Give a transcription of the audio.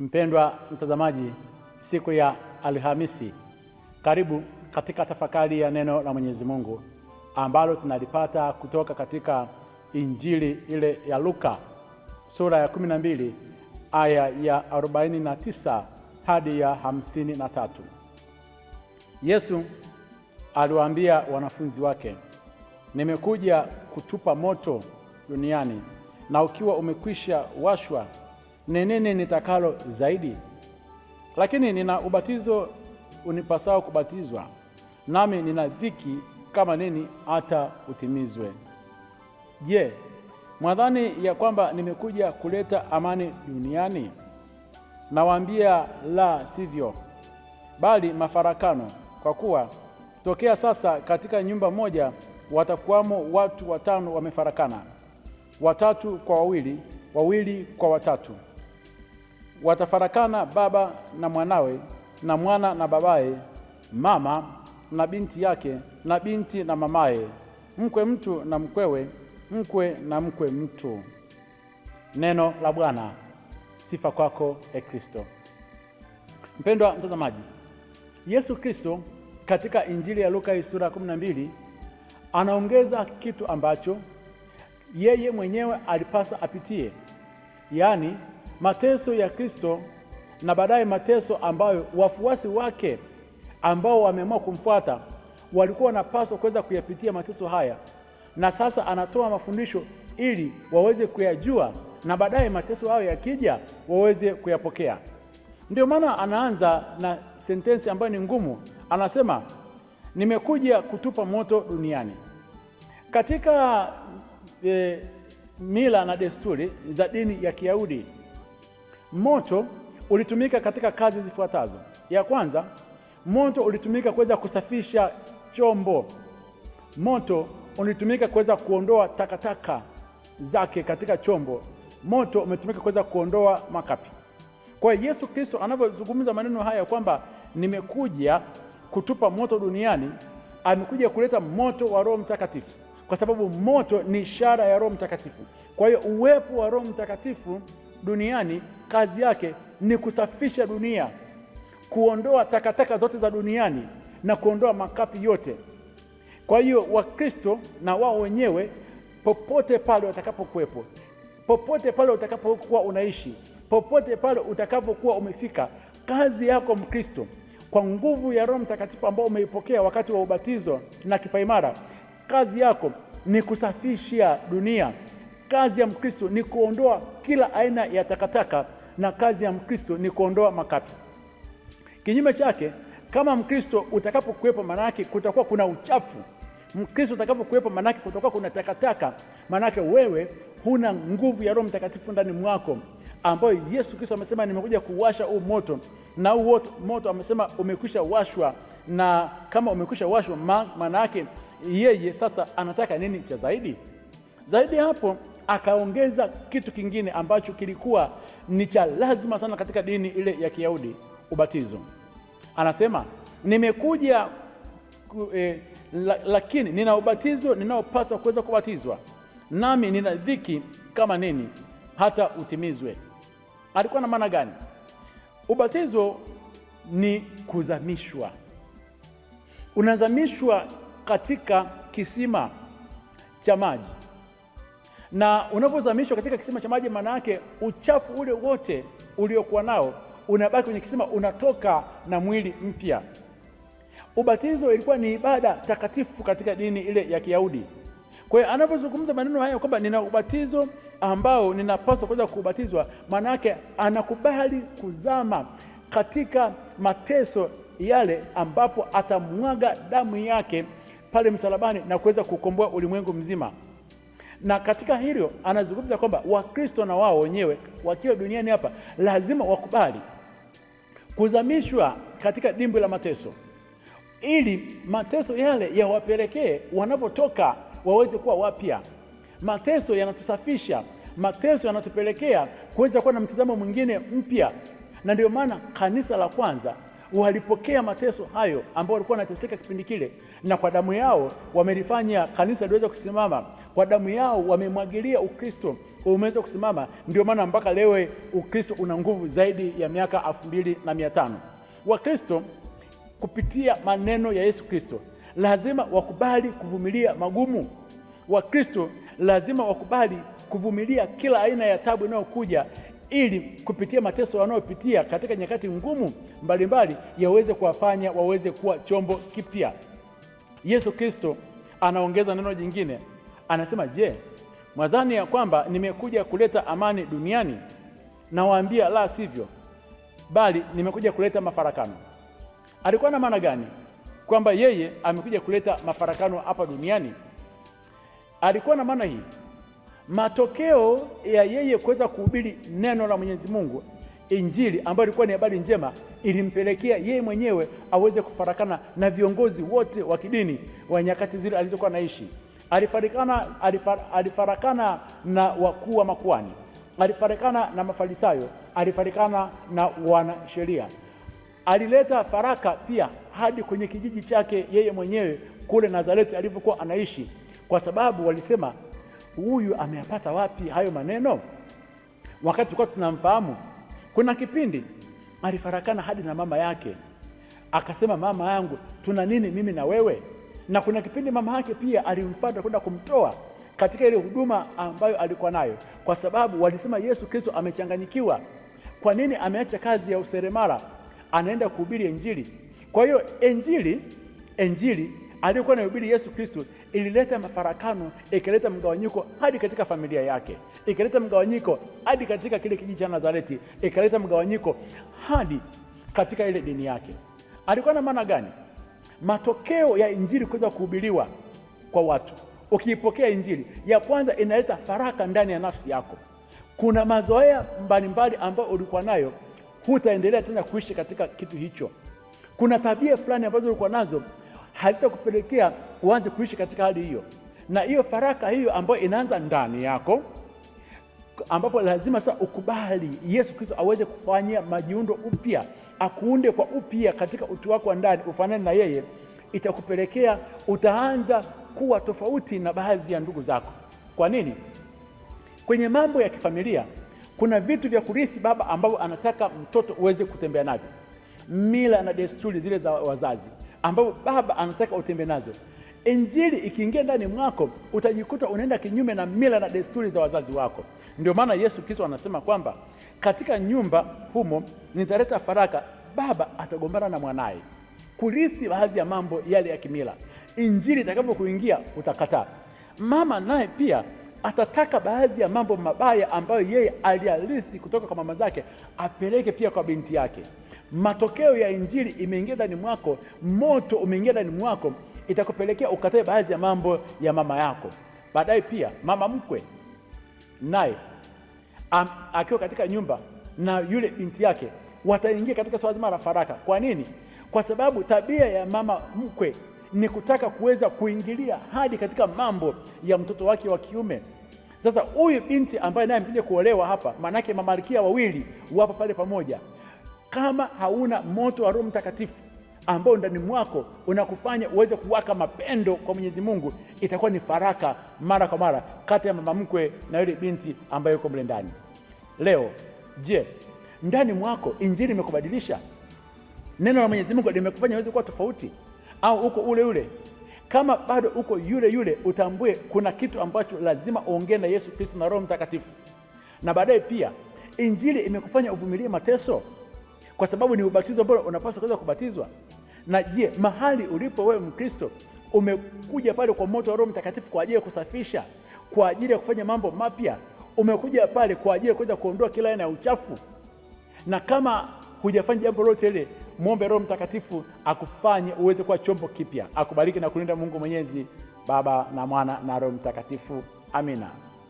Mpendwa mtazamaji, siku ya Alhamisi, karibu katika tafakari ya neno la Mwenyezi Mungu ambalo tunalipata kutoka katika Injili ile ya Luka sura ya 12 aya ya 49 hadi ya tatu Yesu aliwaambia wanafunzi wake, nimekuja kutupa moto duniani, na ukiwa umekwisha washwa nini nitakalo zaidi. Lakini nina ubatizo unipasao kubatizwa, nami nina dhiki kama nini hata utimizwe. Je, mwadhani ya kwamba nimekuja kuleta amani duniani? Nawaambia la sivyo, bali mafarakano. Kwa kuwa tokea sasa katika nyumba moja watakuwamo watu watano wamefarakana, watatu kwa wawili, wawili kwa watatu. Watafarakana baba na mwanawe na mwana na babaye, mama na binti yake na binti na mamaye, mkwe mtu na mkwewe, mkwe na mkwe mtu. Neno la Bwana. Sifa kwako e Kristo. Mpendwa mtazamaji, Yesu Kristo katika Injili ya Luka sura 12 anaongeza kitu ambacho yeye mwenyewe alipasa apitie, yaani mateso ya Kristo na baadaye mateso ambayo wafuasi wake ambao wameamua kumfuata walikuwa wanapaswa kuweza kuyapitia mateso haya, na sasa anatoa mafundisho ili waweze kuyajua na baadaye mateso hayo yakija waweze kuyapokea. Ndio maana anaanza na sentensi ambayo ni ngumu, anasema nimekuja kutupa moto duniani. Katika e, mila na desturi za dini ya Kiyahudi Moto ulitumika katika kazi zifuatazo. Ya kwanza, moto ulitumika kuweza kusafisha chombo. Moto ulitumika kuweza kuondoa takataka zake katika chombo. Moto umetumika kuweza kuondoa makapi. Kwa hiyo Yesu Kristo anavyozungumza maneno haya kwamba nimekuja kutupa moto duniani, amekuja kuleta moto wa Roho Mtakatifu, kwa sababu moto ni ishara ya Roho Mtakatifu. Kwa hiyo uwepo wa Roho Mtakatifu duniani kazi yake ni kusafisha dunia, kuondoa takataka zote za duniani na kuondoa makapi yote. Kwa hiyo Wakristo na wao wenyewe popote pale watakapokuwepo, popote pale utakapokuwa unaishi, popote pale utakapokuwa umefika, kazi yako Mkristo, kwa nguvu ya Roho Mtakatifu ambao umeipokea wakati wa ubatizo na kipaimara, kazi yako ni kusafisha dunia. Kazi ya Mkristo ni kuondoa kila aina ya takataka na kazi ya Mkristo ni kuondoa makapi. Kinyume chake, kama Mkristo utakapokuwepo, maanake kutakuwa kuna uchafu. Mkristo utakapokuwepo, maanake kutakuwa kuna takataka, maanake wewe huna nguvu ya Roho Mtakatifu ndani mwako, ambayo Yesu Kristo amesema nimekuja kuwasha huu moto, na huu moto amesema umekwisha washwa. Na kama umekwisha washwa, maana yake yeye sasa anataka nini cha zaidi? Zaidi hapo akaongeza kitu kingine ambacho kilikuwa ni cha lazima sana katika dini ile ya Kiyahudi, ubatizo. Anasema nimekuja eh, lakini nina ubatizo ninaopaswa kuweza kubatizwa, nami nina dhiki kama nini hata utimizwe. Alikuwa na maana gani? Ubatizo ni kuzamishwa, unazamishwa katika kisima cha maji na unavyozamishwa katika kisima cha maji, maana yake uchafu ule wote uliokuwa nao unabaki kwenye kisima, unatoka na mwili mpya. Ubatizo ilikuwa ni ibada takatifu katika dini ile ya Kiyahudi. Kwa hiyo anapozungumza maneno haya kwamba nina ubatizo ambao ninapaswa kuweza kubatizwa, maana yake anakubali kuzama katika mateso yale ambapo atamwaga damu yake pale msalabani na kuweza kukomboa ulimwengu mzima na katika hilo anazungumza kwamba Wakristo na wao wenyewe wakiwa duniani hapa lazima wakubali kuzamishwa katika dimbwi la mateso, ili mateso yale yawapelekee wanapotoka waweze kuwa wapya. Mateso yanatusafisha, mateso yanatupelekea kuweza kuwa na mtazamo mwingine mpya, na ndio maana kanisa la kwanza walipokea mateso hayo ambao walikuwa wanateseka kipindi kile, na kwa damu yao wamelifanya kanisa liweze kusimama. Kwa damu yao wamemwagilia Ukristo umeweza kusimama. Ndio maana mpaka leo Ukristo una nguvu zaidi ya miaka elfu mbili na mia tano. Wakristo kupitia maneno ya Yesu Kristo lazima wakubali kuvumilia magumu. Wakristo lazima wakubali kuvumilia kila aina ya tabu inayokuja ili kupitia mateso wanayopitia katika nyakati ngumu mbalimbali yaweze kuwafanya waweze kuwa chombo kipya. Yesu Kristo anaongeza neno jingine, anasema je, mwadhani ya kwamba nimekuja kuleta amani duniani? Nawaambia la sivyo, bali nimekuja kuleta mafarakano. Alikuwa na maana gani kwamba yeye amekuja kuleta mafarakano hapa duniani? Alikuwa na maana hii matokeo ya yeye kuweza kuhubiri neno la Mwenyezi Mungu, Injili ambayo ilikuwa ni habari njema, ilimpelekea yeye mwenyewe aweze kufarakana na viongozi wote wa kidini wa nyakati zile alizokuwa anaishi. Alifarakana, alifar, alifarakana na wakuu wa makuani, alifarakana na Mafarisayo, alifarakana na wanasheria. Alileta faraka pia hadi kwenye kijiji chake yeye mwenyewe kule Nazareti alivyokuwa anaishi, kwa sababu walisema huyu ameyapata wapi hayo maneno, wakati tulikuwa tunamfahamu? Kuna kipindi alifarakana hadi na mama yake, akasema mama yangu, tuna nini mimi na wewe? Na kuna kipindi mama yake pia alimfuata kwenda kumtoa katika ile huduma ambayo alikuwa nayo, kwa sababu walisema Yesu Kristo amechanganyikiwa. Kwa nini ameacha kazi ya useremala anaenda kuhubiri Injili? Kwa hiyo Injili, Injili aliyokuwa anahubiri Yesu Kristo ilileta mafarakano, ikaleta mgawanyiko hadi katika familia yake, ikaleta mgawanyiko hadi katika kile kijiji cha Nazareti, ikaleta mgawanyiko hadi katika ile dini yake. Alikuwa na maana gani? Matokeo ya injili kuweza kuhubiriwa kwa watu, ukiipokea injili ya kwanza, inaleta faraka ndani ya nafsi yako. Kuna mazoea mbalimbali ambayo ulikuwa nayo, hutaendelea tena kuishi katika kitu hicho. Kuna tabia fulani ambazo ulikuwa nazo hazitakupelekea uanze kuishi katika hali hiyo, na hiyo faraka hiyo ambayo inaanza ndani yako, ambapo lazima sasa ukubali Yesu Kristo aweze kufanyia majiundo upya, akuunde kwa upya katika utu wako wa ndani, ufanane na yeye, itakupelekea utaanza kuwa tofauti na baadhi ya ndugu zako. Kwa nini? Kwenye mambo ya kifamilia kuna vitu vya kurithi baba ambavyo anataka mtoto uweze kutembea navyo, mila na desturi zile za wazazi ambapo Baba anataka utembe nazo. Injili ikiingia ndani mwako, utajikuta unaenda kinyume na mila na desturi za wazazi wako. Ndio maana Yesu Kristo anasema kwamba katika nyumba humo nitaleta faraka, baba atagombana na mwanaye kurithi baadhi ya mambo yale ya kimila. Injili itakapokuingia utakataa. Mama naye pia atataka baadhi ya mambo mabaya ambayo yeye aliarithi kutoka kwa mama zake apeleke pia kwa binti yake. Matokeo ya injili imeingia ndani mwako, moto umeingia ndani mwako, itakupelekea ukatae baadhi ya mambo ya mama yako. Baadaye pia mama mkwe naye akiwa katika nyumba na yule binti yake wataingia katika swala zima la faraka. Kwa nini? Kwa sababu tabia ya mama mkwe ni kutaka kuweza kuingilia hadi katika mambo ya mtoto wake wa kiume. Sasa huyu binti ambaye naye amekuja kuolewa hapa, maanake mamalikia wawili wapo pale pamoja. Kama hauna moto wa Roho Mtakatifu ambao ndani mwako unakufanya uweze kuwaka mapendo kwa Mwenyezi Mungu, itakuwa ni faraka mara kwa mara kati ya mama mkwe na yule binti ambaye yuko mle ndani. Leo je, ndani mwako injili imekubadilisha? Neno la Mwenyezi Mungu limekufanya uweze kuwa tofauti? au uko ule ule, kama bado uko yule yule, utambue kuna kitu ambacho lazima uongee na Yesu Kristo na Roho Mtakatifu. Na baadaye pia Injili imekufanya uvumilie mateso, kwa sababu ni ubatizo bora unapaswa kuweza kubatizwa. Na je, mahali ulipo wewe Mkristo umekuja pale kwa moto wa Roho Mtakatifu kwa ajili ya kusafisha, kwa ajili ya kufanya mambo mapya. Umekuja pale kwa ajili ya kuweza kuondoa kila aina ya uchafu, na kama hujafanya jambo lolote ile, mwombe Roho Mtakatifu akufanye uweze kuwa chombo kipya. Akubariki na kulinda Mungu Mwenyezi, Baba na Mwana na Roho Mtakatifu. Amina.